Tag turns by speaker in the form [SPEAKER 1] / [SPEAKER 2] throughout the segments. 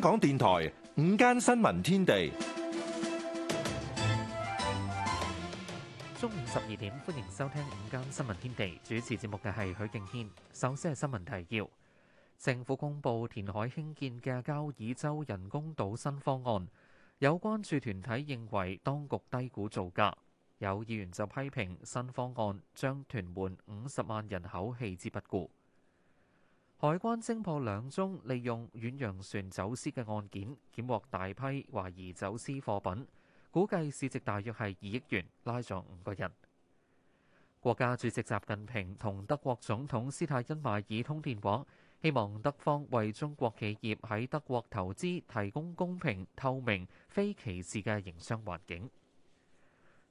[SPEAKER 1] 香港電台午間新聞天地，
[SPEAKER 2] 中午
[SPEAKER 3] 十二點歡迎收聽午間新聞天地。主持節目嘅係許敬軒。首先係新聞提要：政府公布填海興建嘅交椅洲人工島新方案，有關注團體認為當局低估造價，有議員就批評新方案將屯門五十萬人口棄之不顧。海關偵破兩宗利用遠洋船走私嘅案件，檢獲大批懷疑走私貨品，估計市值大約係二億元，拉咗五個人。國家主席習近平同德國總統施泰因邁爾通電話，希望德方為中國企業喺德國投資提供公平、透明、非歧視嘅營商環境。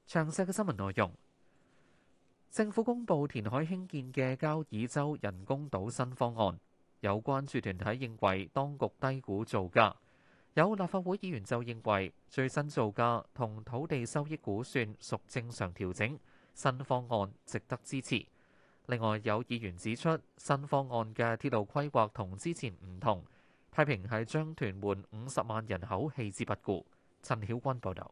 [SPEAKER 3] 詳細嘅新聞內容。政府公布填海興建嘅交椅洲人工島新方案，有關注團體認為當局低估造價，有立法會議員就認為最新造價同土地收益估算屬正常調整，新方案值得支持，另外有議員指出新方案嘅鐵路規劃同之前唔同，批評係將屯門五十萬人口棄之不顧，陳曉君報道。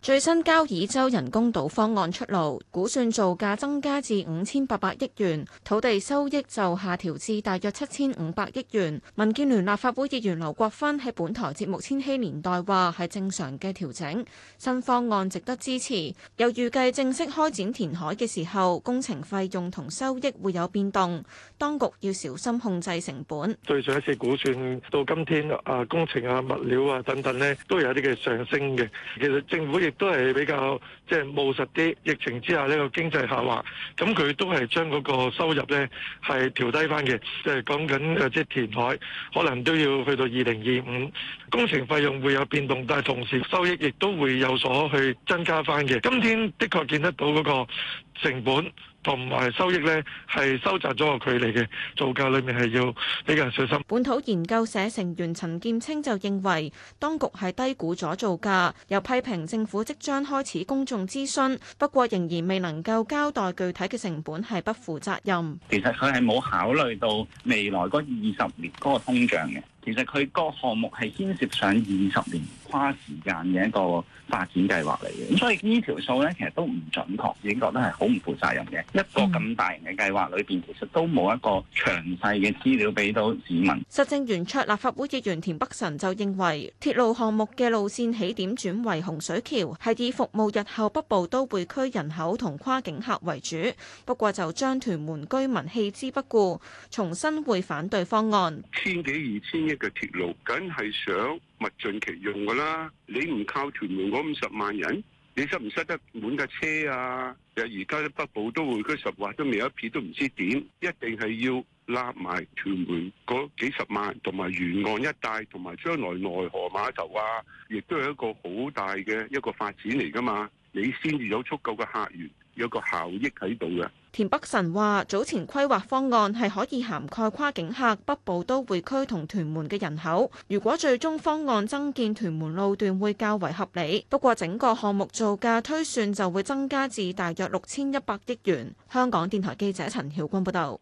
[SPEAKER 4] 最新交椅洲人工島方案出爐，估算造價增加至五千八百億元，土地收益就下調至大約七千五百億元。民建聯立法會議員劉國芬喺本台節目《千禧年代》話：係正常嘅調整，新方案值得支持。又預計正式開展填海嘅時候，工程費用同收益會有變動，當局要小心控制成本。
[SPEAKER 1] 對上一次估算到今天啊，工程啊、物料啊等等咧，都有一啲嘅上升嘅。其實政府亦都係比較即係務實啲，疫情之下呢個經濟下滑，咁佢都係將嗰個收入呢係調低翻嘅。即係講緊即係填海，可能都要去到二零二五，工程費用會有變動，但係同時收益亦都會有所去增加翻嘅。今天的確見得到嗰個成本。同埋收益呢，係收窄咗個距離嘅造價裏面係要比較小心。
[SPEAKER 4] 本土研究社成員陳劍青就認為當局係低估咗造價，又批評政府即將開始公眾諮詢，不過仍然未能夠交代具體嘅成本係不負責任。
[SPEAKER 1] 其實，佢係冇考慮到未來嗰二十年嗰個通脹嘅。其實佢個項目係牽涉上二十年跨時間嘅一個發展計劃嚟嘅，所以呢條數呢，其實都唔準確，已經覺得係好唔負責任嘅。一個咁大型嘅計劃裏邊，其實都冇一個詳細嘅資料俾到市
[SPEAKER 5] 民。
[SPEAKER 4] 實政圓桌立法會議員田北辰就認為，鐵路項目嘅路線起點轉為洪水橋，係以服務日後北部都會區人口同跨境客為主，不過就將屯門居民棄之不顧，重新會反對方案。
[SPEAKER 1] 千幾二千。一個鐵路梗係想物盡其用噶啦，你唔靠屯門嗰五十萬人，你能能塞唔塞得滿架車啊？而家啲北部都會區十劃都未有一撇，都唔知點，一定係要拉埋屯門嗰幾十萬，同埋沿岸一帶，同埋將來內河碼頭啊，亦都係一個好大嘅一個發展嚟噶嘛，你先至有足夠嘅客源，有個效益喺度嘅。
[SPEAKER 4] 田北辰話：早前規劃方案係可以涵蓋跨境客北部都會區同屯門嘅人口。如果最終方案增建屯門路段，會較為合理。不過整個項目造價推算就會增加至大約六千一百億元。香港電台記者陳曉君報道。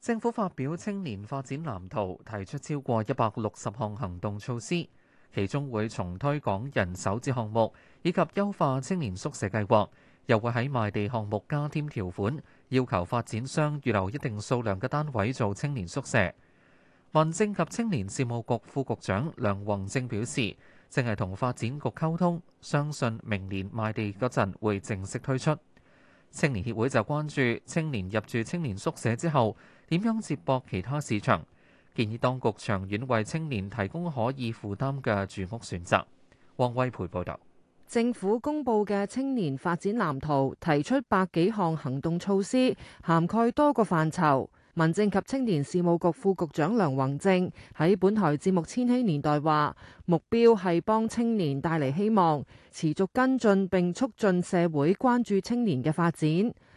[SPEAKER 4] 政府發
[SPEAKER 3] 表青年發展藍圖，提出超過一百六十項行動措施，其中會重推港人首置項目，以及優化青年宿舍計劃。又會喺賣地項目加添條款，要求發展商預留一定數量嘅單位做青年宿舍。民政及青年事務局副局長梁宏正表示，正係同發展局溝通，相信明年賣地嗰陣會正式推出。青年協會就關注青年入住青年宿舍之後點樣接駁其他市場，建議當局長遠為青年提供可以負擔嘅住屋選擇。汪威培報導。
[SPEAKER 6] 政府公布嘅青年發展藍圖提出百幾項行動措施，涵蓋多個範疇。民政及青年事務局副局長梁宏正喺本台節目《千禧年代》話，目標係幫青年帶嚟希望，持續跟進並促進社會關注青年嘅發展。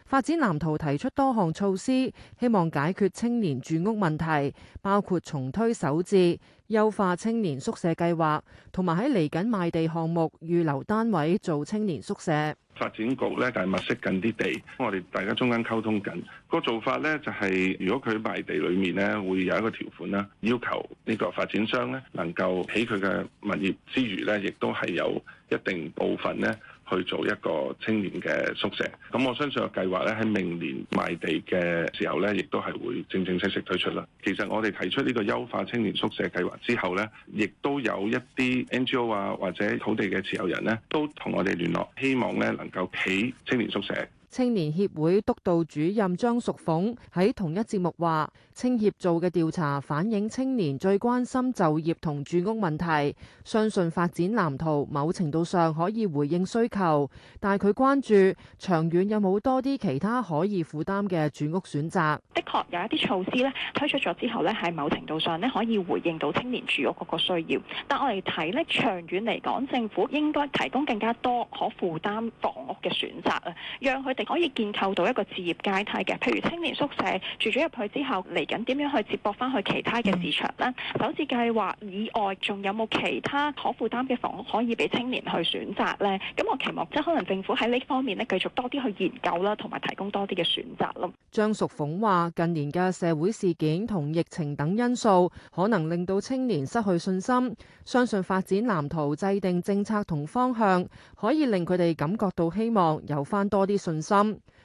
[SPEAKER 6] 發展藍圖提出多項措施，希望解決青年住屋問題，包括重推首置、優化青年宿舍計劃，同埋喺嚟緊賣地項目預留單位做青年宿舍。
[SPEAKER 1] 發展局咧就係物色緊啲地，我哋大家中間溝通緊個做法咧就係、是，如果佢賣地裏面咧會有一個條款啦，要求呢個發展商咧能夠起佢嘅物業之餘咧，亦都係有一定部分咧。去做一個青年嘅宿舍，咁我相信個計劃咧喺明年賣地嘅時候咧，亦都係會正正式式推出啦。其實我哋提出呢個優化青年宿舍計劃之後咧，亦都有一啲 NGO 啊或者土地嘅持有人咧，都同我哋聯絡，希望咧能夠起青年宿舍。
[SPEAKER 6] 青年協會督導主任張淑鳳喺同一節目話，青協做嘅調查反映青年最關心就業同住屋問題，相信發展藍圖某程度上可以回應需求，但係佢關注長遠有冇多啲其他可以負擔嘅住屋選擇。的
[SPEAKER 4] 確有一啲措施呢推出咗之後呢，喺某程度上呢可以回應到青年住屋嗰個需要，但我哋睇呢長遠嚟講，政府應該提供更加多可負擔房屋嘅選擇啊，讓佢哋。可以建構到一個置業階梯嘅，譬如青年宿舍住咗入去之後嚟緊點樣去接駁翻去其他嘅市場咧？首次計劃以外，仲有冇其他可負擔嘅房屋可以俾青年去選擇咧？咁我期望即係可能政府喺呢方面咧，繼續多啲去研究啦，同埋提供多啲嘅選擇咯。
[SPEAKER 6] 張淑鳳話：近年嘅社會事件同疫情等因素，可能令到青年失去信心。相信發展藍圖、制定政策同方向，可以令佢哋感覺到希望，有翻多啲信心。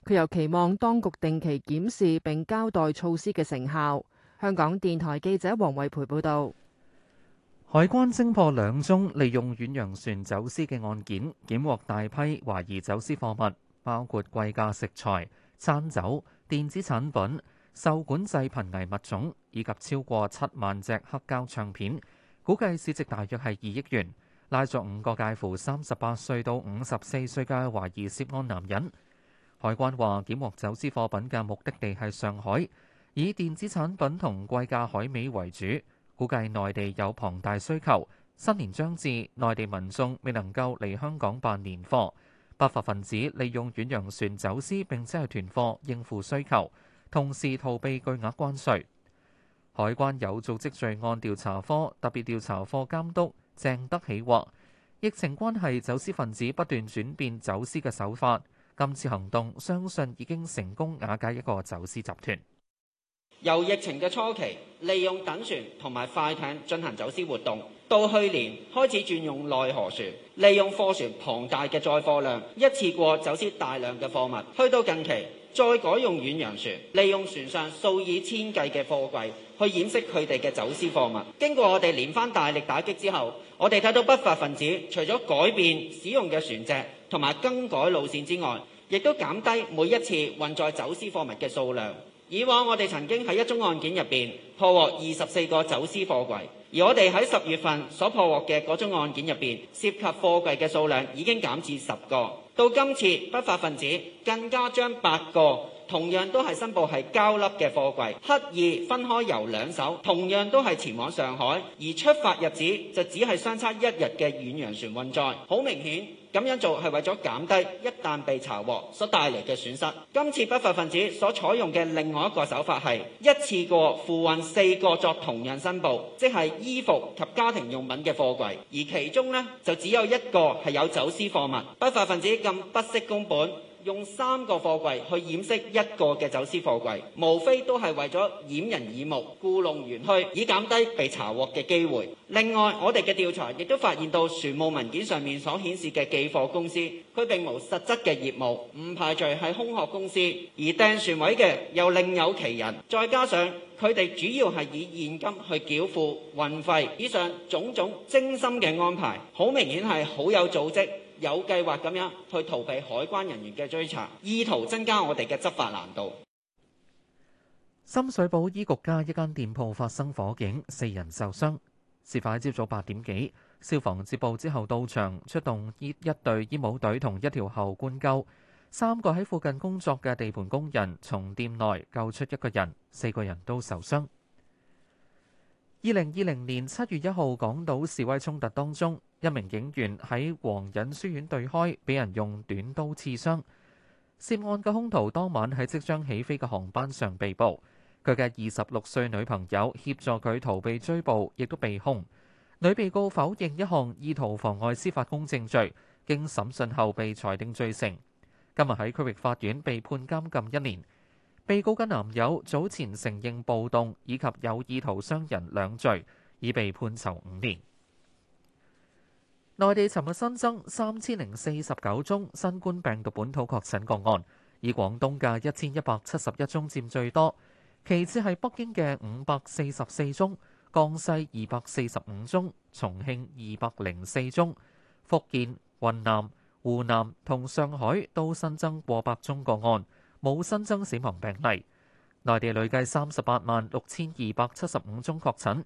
[SPEAKER 6] 佢又、嗯、期望當局定期檢視並交代措施嘅成效。香港電台記者黃慧培報道，
[SPEAKER 3] 海關偵破兩宗利用遠洋船走私嘅案件，檢獲大批懷疑走私貨物，包括貴價食材、餐酒、電子產品、受管制瀕危物種以及超過七萬隻黑膠唱片，估計市值大約係二億元，拉咗五個介乎三十八歲到五十四歲嘅懷疑涉案男人。海關話：檢獲走私貨品嘅目的地係上海，以電子產品同貴價海味為主，估計內地有龐大需求。新年將至，內地民眾未能夠嚟香港辦年貨，不法分子利用遠洋船走私並且係囤貨應付需求，同時逃避巨額關稅。海關有組織罪案調查科特別調查課監督鄭德起話：疫情關係，走私分子不斷轉變走私嘅手法。今次行動相信已經成功瓦解一個走私集團。
[SPEAKER 7] 由疫情嘅初期，利用躉船同埋快艇進行走私活動，到去年開始轉用內河船，利用貨船龐大嘅載貨量，一次過走私大量嘅貨物。去到近期，再改用遠洋船，利用船上數以千計嘅貨櫃去掩飾佢哋嘅走私貨物。經過我哋連番大力打擊之後，我哋睇到不法分子除咗改變使用嘅船隻同埋更改路線之外，亦都減低每一次運載走私貨物嘅數量。以往我哋曾經喺一宗案件入面破獲二十四個走私貨櫃，而我哋喺十月份所破獲嘅嗰宗案件入面涉及貨櫃嘅數量已經減至十個。到今次，不法分子更加將八個同樣都係申報係膠粒嘅貨櫃，刻意分開由兩手，同樣都係前往上海，而出發日子就只係相差一日嘅遠洋船運載，好明顯。咁樣做係為咗減低一旦被查獲所帶來嘅損失。今次不法分子所採用嘅另外一個手法係一次過附運四個作同樣申報，即係衣服及家庭用品嘅貨櫃，而其中呢就只有一個係有走私貨物。不法分子咁不惜工本。用三個貨櫃去掩飾一個的走私貨櫃,無非都是為了掩人耳目,故弄玄虛,以減低被查獲的機會。另外,我們的調查也都發現到船務文件上面所顯示的寄貨公司,它並無實質的業務,唔排除是空殼公司,而訂船位的又另有其人。再加上,它們主要是以現金去繳付運費,以上種種精心的安排,很明顯是很有組織。有計劃咁樣去逃避海關人員嘅追查，意圖增加我哋嘅執法難度。
[SPEAKER 3] 深水埗醫局街一間店鋪發生火警，四人受傷。事發喺朝早八點幾，消防接報之後到場，出動一隊醫務隊同一條喉灌救，三個喺附近工作嘅地盤工人，從店內救出一個人，四個人都受傷。二零二零年七月一號，港島示威衝突當中，一名警員喺皇仁書院對開俾人用短刀刺傷。涉案嘅兇徒當晚喺即將起飛嘅航班上被捕，佢嘅二十六歲女朋友協助佢逃避追捕，亦都被控。女被告否認一項意圖妨礙司法公正罪，經審訊後被裁定罪成，今日喺區域法院被判監禁一年。被告嘅男友早前承認暴動以及有意圖傷人兩罪，已被判囚五年。內地尋日新增三千零四十九宗新冠病毒本土確診個案，以廣東嘅一千一百七十一宗佔最多，其次係北京嘅五百四十四宗，江西二百四十五宗，重慶二百零四宗，福建、雲南、湖南同上海都新增過百宗個案。冇新增死亡病例，內地累計三十八萬六千二百七十五宗確診。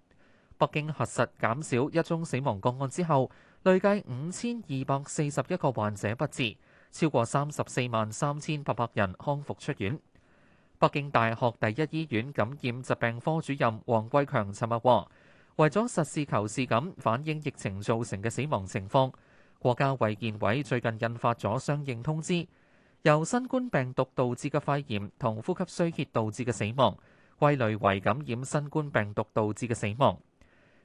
[SPEAKER 3] 北京核實減少一宗死亡個案之後，累計五千二百四十一個患者不治，超過三十四萬三千八百人康復出院。北京大學第一醫院感染疾病科主任王貴強尋日話：為咗實事求是咁反映疫情造成嘅死亡情況，國家衛健委最近印發咗相應通知。由新冠病毒導致嘅肺炎同呼吸衰竭導致嘅死亡，歸類為感染新冠病毒導致嘅死亡。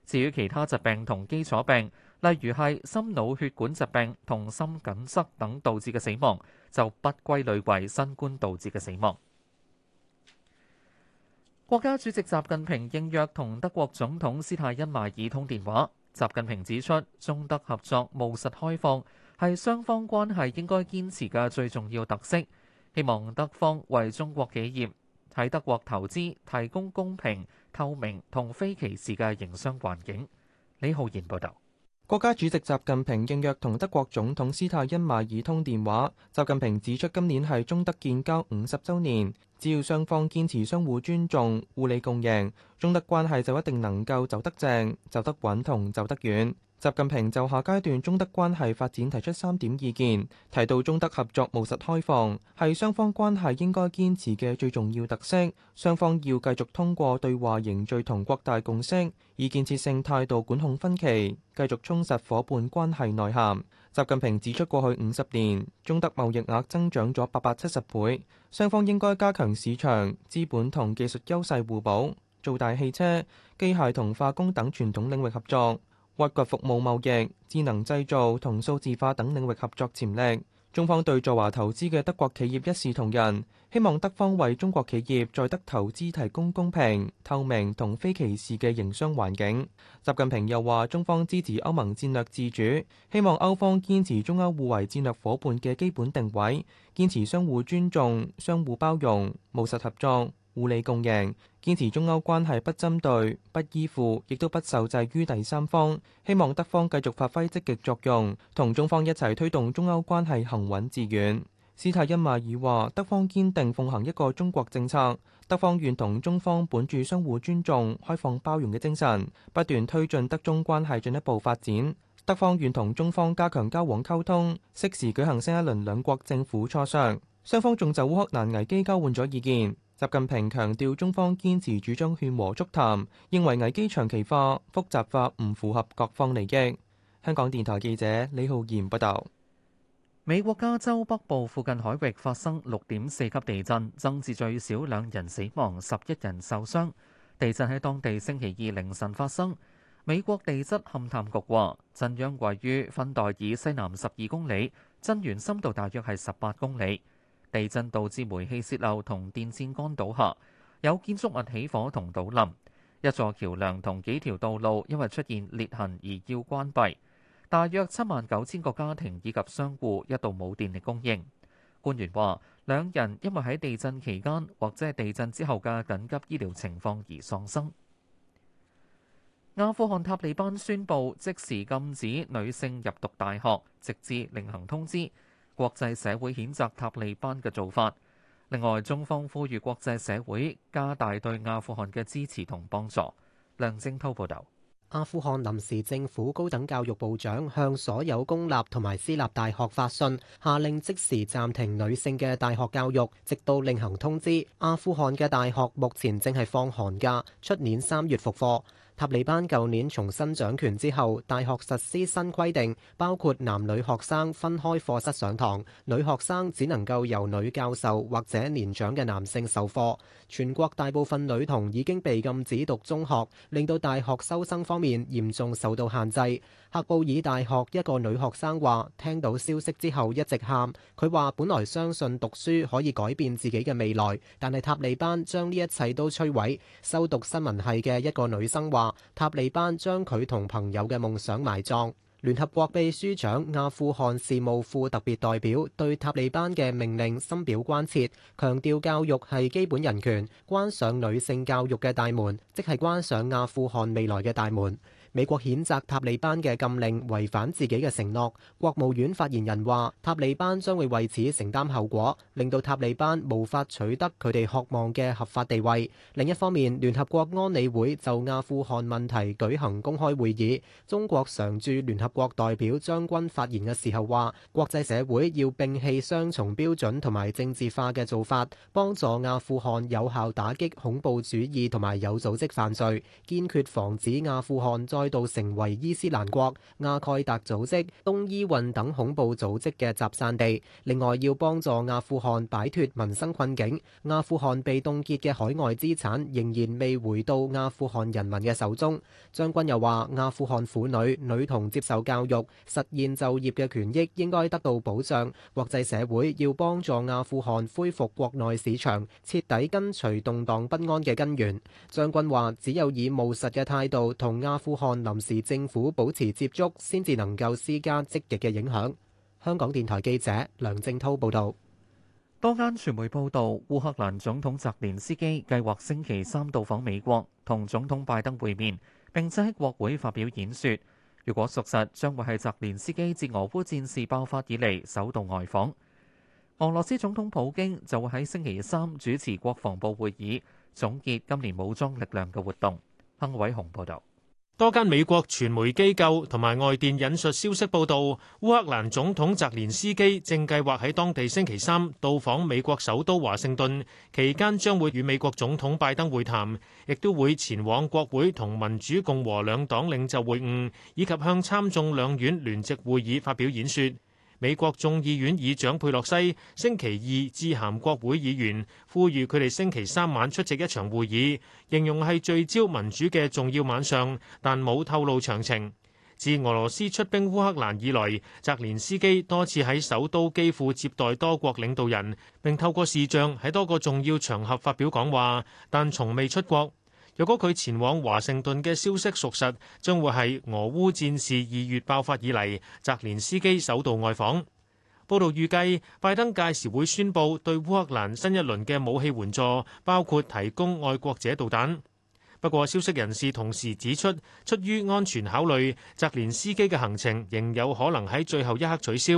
[SPEAKER 3] 至於其他疾病同基礎病，例如係心腦血管疾病同心梗塞等導致嘅死亡，就不歸類為新冠導致嘅死亡。國家主席習近平應約同德國總統施泰因邁爾通電話。習近平指出，中德合作務實開放。係雙方關係應該堅持嘅最重要特色。希望德方為中國企業喺德國投資提供公平、
[SPEAKER 8] 透明同非歧視嘅營商環境。李浩然報導。國家主席習近平應約同德國總統斯泰因馬爾通電話。習近平指出，今年係中德建交五十週年，只要雙方堅持相互尊重、互利共贏，中德關係就一定能夠走得正、走得穩同走得遠。習近平就下階段中德關係發展提出三點意見，提到中德合作務實開放係雙方關係應該堅持嘅最重要特色。雙方要繼續通過對話凝聚同擴大共識，以建設性態度管控分歧，繼續充實伙伴關係內涵。習近平指出，過去五十年中德貿易額增長咗八百七十倍，雙方應該加強市場、資本同技術優勢互補，做大汽車、機械同化工等傳統領域合作。挖掘服務貿易、智能製造同數字化等領域合作潛力。中方對在華投資嘅德國企業一視同仁，希望德方為中國企業在德投資提供公平、透明同非歧視嘅營商環境。習近平又話：中方支持歐盟戰略自主，希望歐方堅持中歐互為戰略夥伴嘅基本定位，堅持相互尊重、相互包容、務實合作。互利共贏，堅持中歐關係不針對、不依附，亦都不受制於第三方。希望德方繼續發揮積極作用，同中方一齊推動中歐關係行穩致遠。施泰因邁爾話：德方堅定奉行一個中國政策，德方願同中方本住相互尊重、開放包容嘅精神，不斷推進德中關係進一步發展。德方願同中方加強交往溝通，適時舉行新一輪兩國政府磋商。雙方仲就烏克蘭危機交換咗意見。習近平強調，中方堅持主張勸和促談，認為危機長期化、複雜化唔符合各方利益。香港電台記者李浩然報道。美國加州北部
[SPEAKER 3] 附近海域發生六點四級地震，增至最少兩人死亡，十一人受傷。地震喺當地星期二凌晨發生。美國地質勘探局話，震央位於芬代爾西南十二公里，震源深度大約係十八公里。地震導致煤氣泄漏同電線杆倒下，有建築物起火同倒冧。一座橋梁同幾條道路因為出現裂痕而要關閉。大約七萬九千個家庭以及商戶一度冇電力供應。官員話，兩人因為喺地震期間或者係地震之後嘅緊急醫療情況而喪生。阿富汗塔利班宣布即時禁止女性入讀大學，直至另行通知。國際社會譴責塔利班嘅做法。另外，中方呼籲國際社會加大對阿富汗嘅支持同幫助。
[SPEAKER 2] 梁正濤報導。阿富汗臨時政府高等教育部長向所有公立同埋私立大學發信，下令即時暫停女性嘅大學教育，直到另行通知。阿富汗嘅大學目前正係放寒假，出年三月復課。塔利班舊年重新掌權之後，大學實施新規定，包括男女學生分開課室上堂，女學生只能夠由女教授或者年長嘅男性授課。全國大部分女童已經被禁止讀中學，令到大學收生方面嚴重受到限制。喀布爾大學一個女學生話：聽到消息之後一直喊。佢話：本來相信讀書可以改變自己嘅未來，但係塔利班將呢一切都摧毀。修讀新聞系嘅一個女生話：塔利班將佢同朋友嘅夢想埋葬。聯合國秘書長阿富汗事務副特別代表對塔利班嘅命令深表關切，強調教育係基本人權，關上女性教育嘅大門，即係關上阿富汗未來嘅大門。美國譴責塔利班嘅禁令違反自己嘅承諾，國務院發言人話，塔利班將會為此承擔後果，令到塔利班無法取得佢哋渴望嘅合法地位。另一方面，聯合國安理會就阿富汗問題舉行公開會議，中國常駐聯合國代表張軍發言嘅時候話，國際社會要摒棄雙重標準同埋政治化嘅做法，幫助阿富汗有效打擊恐怖主義同埋有組織犯罪，堅決防止阿富汗再。到成為伊斯蘭國、阿蓋達組織、東伊運等恐怖組織嘅集散地。另外，要幫助阿富汗擺脫民生困境。阿富汗被凍結嘅海外資產仍然未回到阿富汗人民嘅手中。將軍又話：阿富汗婦女、女童接受教育、實現就業嘅權益應該得到保障。國際社會要幫助阿富汗恢復國內市場，徹底根除動盪不安嘅根源。將軍話：只有以務實嘅態度同阿富汗。按臨時政府保持接觸，先至能夠施加積極嘅影響。香港電台記者梁正濤報導。多
[SPEAKER 3] 間傳媒報道，烏克蘭總統澤連斯基計劃星期三到訪美國，同總統拜登會面並且喺國會發表演說。如果屬實，將會係澤連斯基自俄烏戰事爆發以嚟首度外訪。俄羅斯總統普京就會喺星期三主持國防部會議，總結今年武裝力量嘅活動。亨偉雄報導。
[SPEAKER 9] 多間美國傳媒機構同埋外電引述消息報道，烏克蘭總統澤連斯基正計劃喺當地星期三到訪美國首都華盛頓，期間將會與美國總統拜登會談，亦都會前往國會同民主共和兩黨領袖會晤，以及向參眾兩院聯席會議發表演說。美國眾議院議長佩洛西星期二致函國會議員，呼籲佢哋星期三晚出席一場會議，形容係聚焦民主嘅重要晚上，但冇透露詳情。自俄羅斯出兵烏克蘭以來，澤連斯基多次喺首都基輔接待多國領導人，並透過視像喺多個重要場合發表講話，但從未出國。若果佢前往華盛頓嘅消息屬實，將會係俄烏戰事二月爆發以嚟澤連斯基首度外訪。報道預計拜登屆時會宣布對烏克蘭新一輪嘅武器援助，包括提供愛國者導彈。不過，消息人士同時指出，出於安全考慮，澤連斯基嘅行程仍有可能喺最後一刻取消。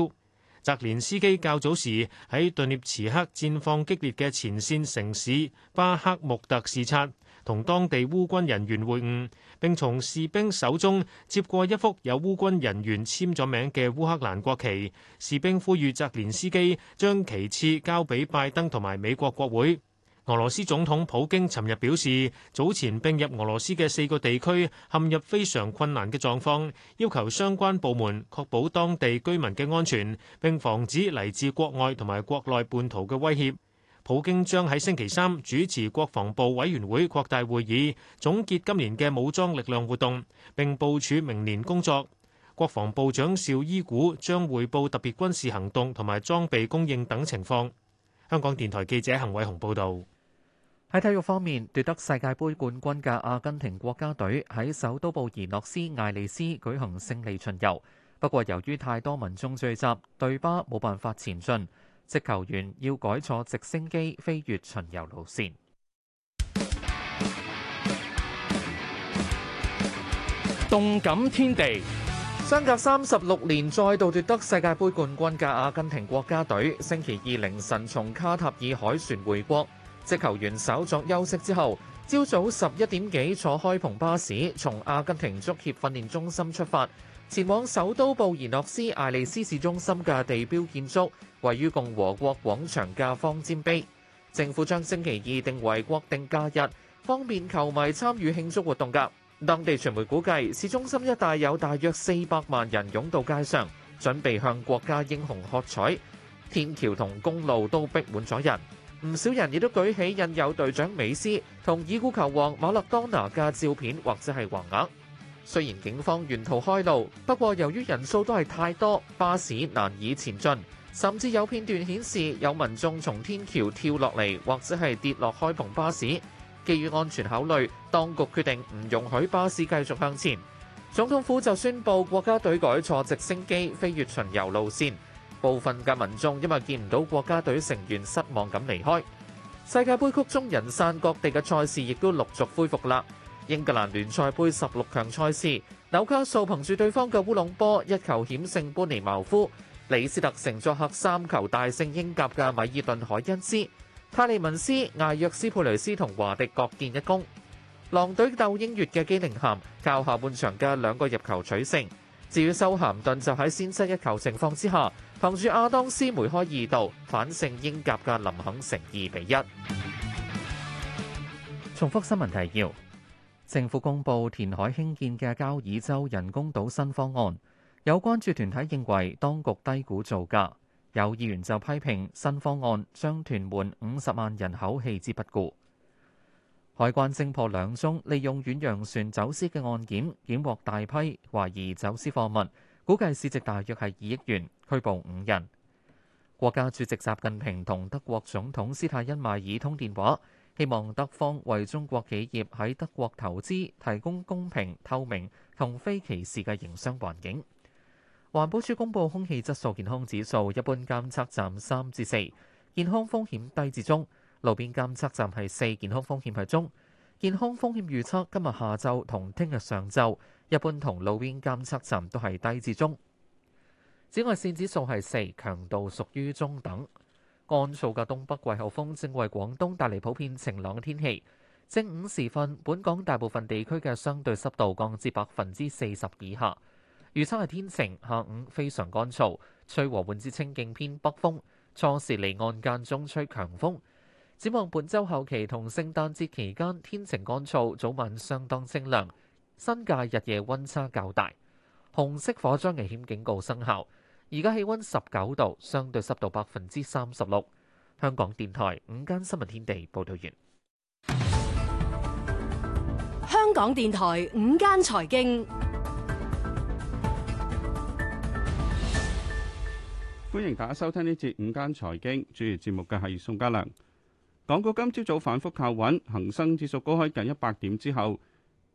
[SPEAKER 9] 澤連斯基較早時喺頓涅茨克戰況激烈嘅前線城市巴克穆特視察。同當地烏軍人員會晤，並從士兵手中接過一幅有烏軍人員簽咗名嘅烏克蘭國旗。士兵呼籲澤連斯基將其次交俾拜登同埋美國國會。俄羅斯總統普京尋日表示，早前並入俄羅斯嘅四個地區陷入非常困難嘅狀況，要求相關部門確保當地居民嘅安全，並防止嚟自國外同埋國內叛徒嘅威脅。普京將喺星期三主持國防部委員會擴大會議，總結今年嘅武裝力量活動，並部署明年工作。國防部長邵伊古將匯報特別軍事行動同埋裝備供應等情況。香港電台記者恆偉雄報道：
[SPEAKER 3] 「喺體育方面，奪得世界盃冠軍嘅阿根廷國家隊喺首都布宜諾斯艾利斯舉行勝利巡遊，不過由於太多民眾聚集，隊巴冇辦法前進。職球員要改坐直升機飛越巡遊路線。動感天地，相隔三十六年再度奪得世界盃冠軍嘅阿根廷國家隊，星期二凌晨從卡塔爾海船回國。職球員稍作休息之後，朝早十一點幾坐開篷巴士從阿根廷足協訓練中心出發。前往首都布宜諾斯艾利斯市中心嘅地標建築，位於共和國廣場嘅方尖碑。政府將星期二定為國定假日，方便球迷參與慶祝活動噶。當地傳媒估計市中心一帶有大約400雖然警方沿途開路，不過由於人數都係太多，巴士難以前進，甚至有片段顯示有民眾從天橋跳落嚟，或者係跌落開篷巴士。基於安全考慮，當局決定唔容許巴士繼續向前。總統府就宣布國家隊改坐直升機飛越巡遊路線。部分嘅民眾因為見唔到國家隊成員，失望咁離開。世界盃曲終人散，各地嘅賽事亦都陸續恢復啦。英格蘭聯賽杯十六強賽事，紐卡素憑住對方嘅烏龍波一球險勝，般尼茅夫李斯特城作客三球大勝英甲嘅米爾頓海恩斯，泰利文斯、艾約斯佩雷斯同華迪各建一功。狼隊鬥英乙嘅基寧咸，靠下半場嘅兩個入球取勝。至於修咸頓就喺先失一球情況之下，憑住阿當斯梅開二度反勝英甲嘅林肯城二比一。重複新聞提要。政府公布填海興建嘅交椅洲人工島新方案，有關注團體認為當局低估造價，有議員就批評新方案將屯門五十萬人口棄之不顧。海關偵破兩宗利用遠洋船走私嘅案件，檢獲大批懷疑走私貨物，估計市值大約係二億元，拘捕五人。國家主席習近平同德國總統施泰因邁爾通電話。希望德方為中國企業喺德國投資提供公平、透明同非歧視嘅營商環境。環保署公布空氣質素健康指數，一般監測站三至四，健康風險低至中；路邊監測站係四，健康風險係中。健康風險預測今日下晝同聽日上晝，一般同路邊監測站都係低至中。紫外線指數係四，強度屬於中等。乾燥嘅東北季候風正為廣東帶嚟普遍晴朗嘅天氣。正午時分，本港大部分地區嘅相對濕度降至百分之四十以下。預測係天晴，下午非常乾燥，吹和緩至清勁偏北風。初時離岸間中吹強風。展望本週後期同聖誕節期間，天晴乾燥，早晚相當清涼。新界日夜溫差較大。紅色火災危險警告生效。而家氣溫十九度，相對濕度百分之三十六。香港電台午間新聞天地報道完。
[SPEAKER 6] 香港電台午間財經，
[SPEAKER 5] 歡迎大家收聽呢節午間財經主持節目嘅係宋家良。港股今朝早反覆靠穩，恒生指數高開近一百點之後，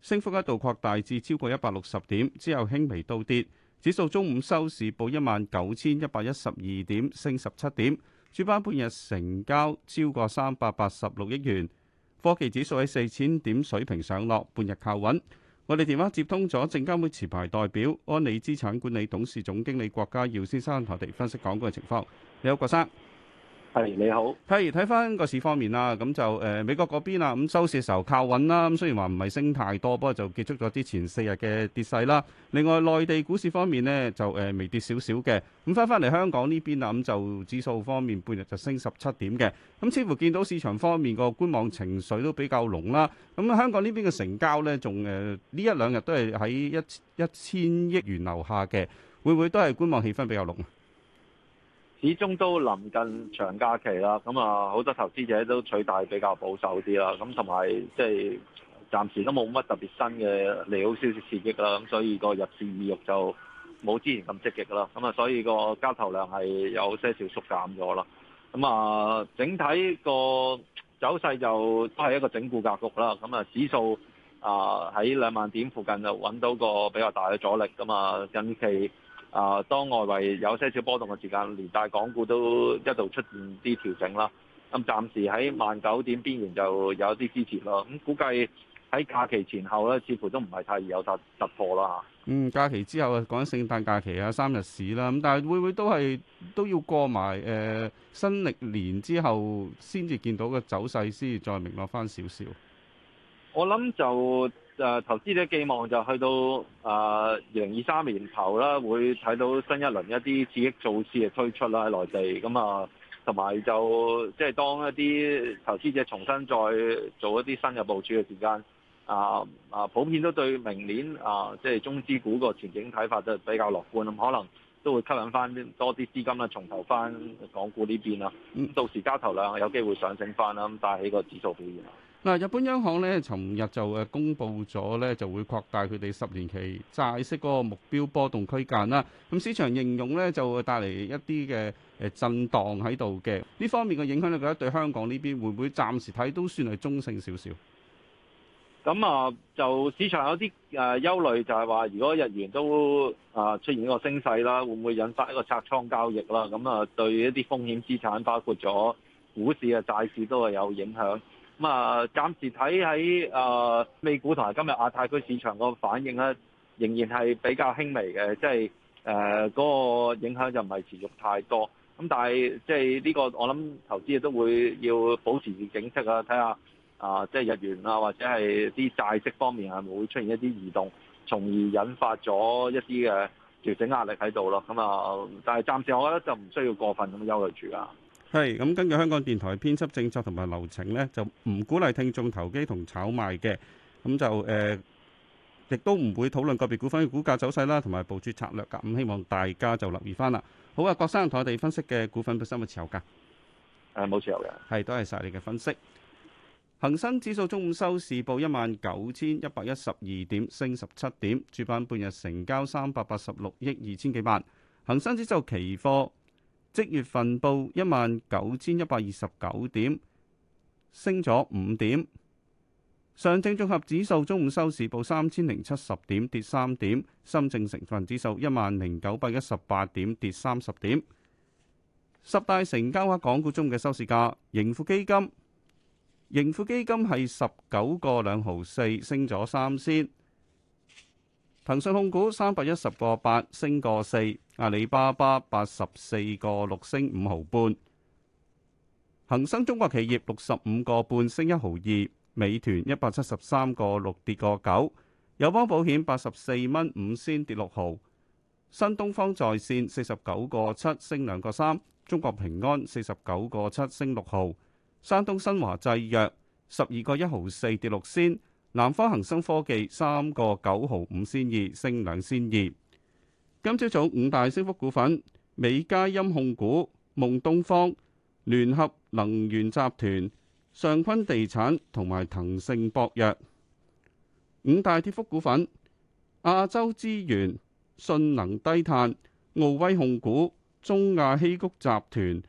[SPEAKER 5] 升幅一度擴大至超過一百六十點之後輕微倒跌。指數中午收市報一萬九千一百一十二點，升十七點。主板半日成交超過三百八十六億元。科技指數喺四千點水平上落，半日靠穩。我哋電話接通咗證監會持牌代表安理資產管理董事總經理郭家耀先生，同我哋分析港股嘅情況。你好，郭生。係你好，係睇翻個市方面啦，咁就誒、呃、美國嗰邊啊，咁、嗯、收市嘅時候靠穩啦，咁、嗯、雖然話唔係升太多，不過就結束咗之前四日嘅跌勢啦。另外內地股市方面呢，就誒、呃、微跌少少嘅，咁翻翻嚟香港呢邊啊，咁、嗯、就指數方面半日就升十七點嘅，咁、嗯、似乎見到市場方面個觀望情緒都比較濃啦。咁、嗯、啊，香港呢邊嘅成交呢，仲誒呢一兩日都係喺一一千億元樓下嘅，會唔會都係觀望氣氛比較濃？
[SPEAKER 1] 始終都臨近長假期啦，咁啊好多投資者都取態比較保守啲啦，咁同埋即係暫時都冇乜特別新嘅利好消息刺激啦，咁所以個入市意欲就冇之前咁積極啦，咁啊所以個交投量係有些少縮減咗啦，咁啊整體個走勢就都係一個整固格局啦，咁啊指數啊喺兩萬點附近就揾到個比較大嘅阻力，咁啊，近期。啊、呃，當外圍有些少波動嘅時間，連帶港股都一度出現啲調整啦。咁、嗯、暫時喺萬九點邊緣就有啲支持咯。咁估計喺假期前後咧，似乎都唔係太有突突破啦。嗯，
[SPEAKER 5] 假期之後啊，講緊聖誕假期啊，三日市啦。咁但係會唔會都係都要過埋誒、呃、新歷年之後先至見到個走勢先，再明落翻少少。
[SPEAKER 1] 我諗就。就投資者寄望就去到啊二零二三年頭啦，會睇到新一輪一啲刺激措施嘅推出啦喺內地，咁啊同埋就即係、就是、當一啲投資者重新再做一啲新嘅部署嘅時間啊啊，普遍都對明年啊即係、就是、中資股個前景睇法都比較樂觀，咁可能都會吸引翻多啲資金啦，重投翻港股呢邊啦，到時交投量有機會上升翻啦，咁帶起個指數表現。
[SPEAKER 5] 嗱，日本央行咧，尋日就誒公布咗咧，就會擴大佢哋十年期債息嗰個目標波動區間啦。咁市場形容咧，就會帶嚟一啲嘅誒震盪喺度嘅。呢方面嘅影響，你覺得對香港呢邊會唔會暫時睇都算係中性少少。
[SPEAKER 1] 咁啊，就市場有啲誒憂慮就，就係話如果日元都啊出現一個升勢啦，會唔會引發一個拆倉交易啦？咁啊，對一啲風險資產，包括咗股市啊、債市都係有影響。咁啊，暫時睇喺誒美股同埋今日亞太區市場個反應咧，仍然係比較輕微嘅，即係誒嗰個影響就唔係持續太多。咁但係即係呢個，我諗投資都會要保持住警惕啊！睇下啊，即係日元啊，或者係啲債息方面係咪會出現一啲移動，從而引發咗一啲嘅調整壓力喺度咯。咁啊，但係暫時我覺得就唔需要過分咁憂慮住啊。
[SPEAKER 5] 係咁，根據香港電台編輯政策同埋流程咧，就唔鼓勵聽眾投機同炒賣嘅。咁就誒、呃，亦都唔會討論個別股份嘅股價走勢啦，同埋部署策略噶。咁希望大家就留意翻啦。好啊，郭生同我哋分析嘅股份本身嘅持有價。誒、啊，冇持有嘅。係，多謝晒你嘅分析。恒生指數中午收市報一萬九千一百一十二點，升十七點，主板半日成交三百八十六億二千幾萬。恒生指數期貨，即月份報一萬九千一百二十九點，升咗五點。上證綜合指數中午收市報三千零七十點，跌三點。深證成分指數一萬零九百一十八點，跌三十點。十大成交額港股中嘅收市價，盈富基金，盈富基金係十九個兩毫四，升咗三仙。騰訊控股三百一十個八升個四，阿里巴巴八十四個六升五毫半，恒生中國企業六十五個半升一毫二，美團一百七十三個六跌個九，友邦保險八十四蚊五仙跌六毫，新東方在線四十九個七升兩個三，中國平安四十九個七升六毫，山東新華製藥十二個一毫四跌六仙。南方恒生科技三個九毫五仙二，升兩仙二。今朝早，早五大升幅股份：美嘉音控股、夢東方、聯合能源集團、上坤地產同埋騰盛博藥。五大跌幅股份：亞洲資源、信能低碳、奧威控股、中亞希谷集團。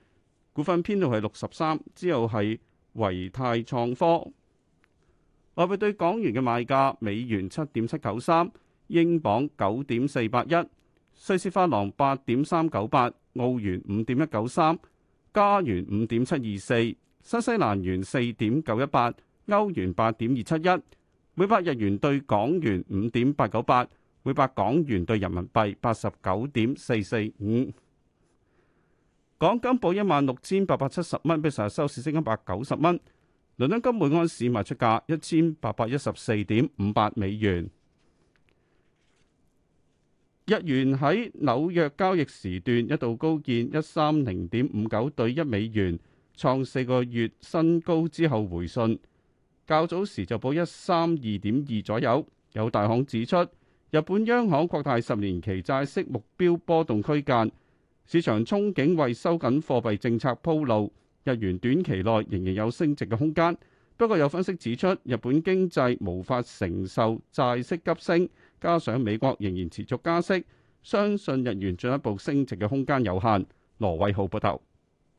[SPEAKER 5] 股份編號係六十三，之後係維泰創科。外幣對港元嘅賣價：美元七點七九三，英鎊九點四八一，瑞士法郎八點三九八，澳元五點一九三，加元五點七二四，新西蘭元四點九一八，歐元八點二七一，每百日元對港元五點八九八，每百港元對人民幣八十九點四四五。港金報一萬六千八百七十蚊，比上日收市升一百九十蚊。倫敦金每盎司賣出價一千八百一十四點五八美元。日元喺紐約交易時段一度高見一三零點五九兌一美元，創四個月新高之後回順。較早時就報一三二點二左右。有大行指出，日本央行擴大十年期債息目標波動區間，市場憧憬為收緊貨幣政策鋪路。日元短期內仍然有升值嘅空間，不過有分析指出，日本經濟無法承受債息急升，加上美國仍然持續加息，相信日元進一步升值嘅空間有限。羅偉浩報道，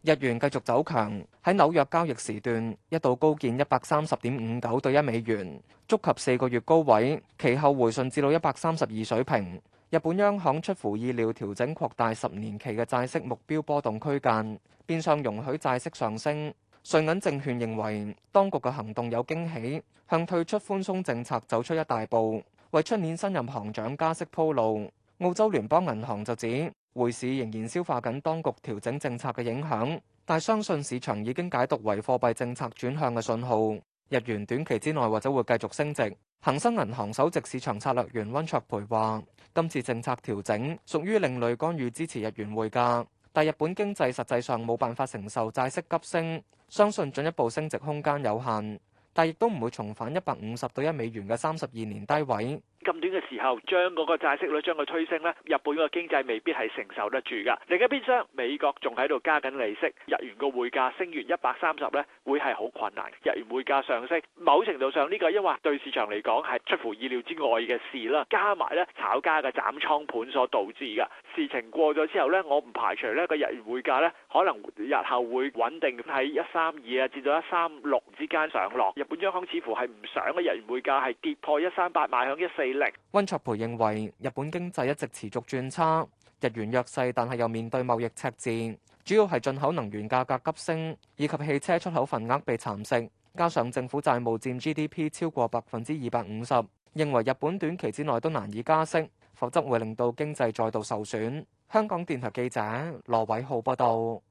[SPEAKER 5] 日元繼續走強，喺紐約交
[SPEAKER 10] 易時段一度高見一百三十點五九對一美元，觸及四個月高位，其後回順至到一百三十二水平。日本央行出乎意料調整擴大十年期嘅債息目標波動區間，變相容許債息上升。瑞銀證券認為，當局嘅行動有驚喜，向退出寬鬆政策走出一大步，為出年新任行長加息鋪路。澳洲聯邦銀行就指，匯市仍然消化緊當局調整政策嘅影響，但相信市場已經解讀為貨幣政策轉向嘅信號。日元短期之內或者會繼續升值，恒生銀行首席市場策略員溫卓培話，今次政策調整屬於另類干預支持日元匯價，但日本經濟實際上冇辦法承受債息急升，相信進一步升值空間有限，但亦都唔會重返一百五十到一美元嘅三十二年低位。.咁短嘅時候將嗰個債息率將佢推升咧，日本嘅經濟未必係承受得住噶。另一邊廂美國仲喺度加緊利息，日元個匯價升完一百三十咧，會係好困難。日元匯價上升，某程度上呢個因為對市場嚟講係出乎意料之外嘅事啦。加埋咧炒家嘅斬倉盤所導致嘅。事情過咗之後咧，我唔排除咧個日元匯價咧可能日後會穩定喺一三二啊至到一三六之間上落。日本央行似乎係唔想嘅日元匯價係跌破一三八，賣向一四。溫卓培認為，日本經濟一直持續轉差，日元弱勢，但係又面對貿易赤字，主要係進口能源價格急升，以及汽車出口份額被蠶食，加上政府債務佔 GDP 超過百分之二百五十，認為日本短期之內都難以加息，否則會令到經濟再度受損。香港電台記者羅偉浩報道。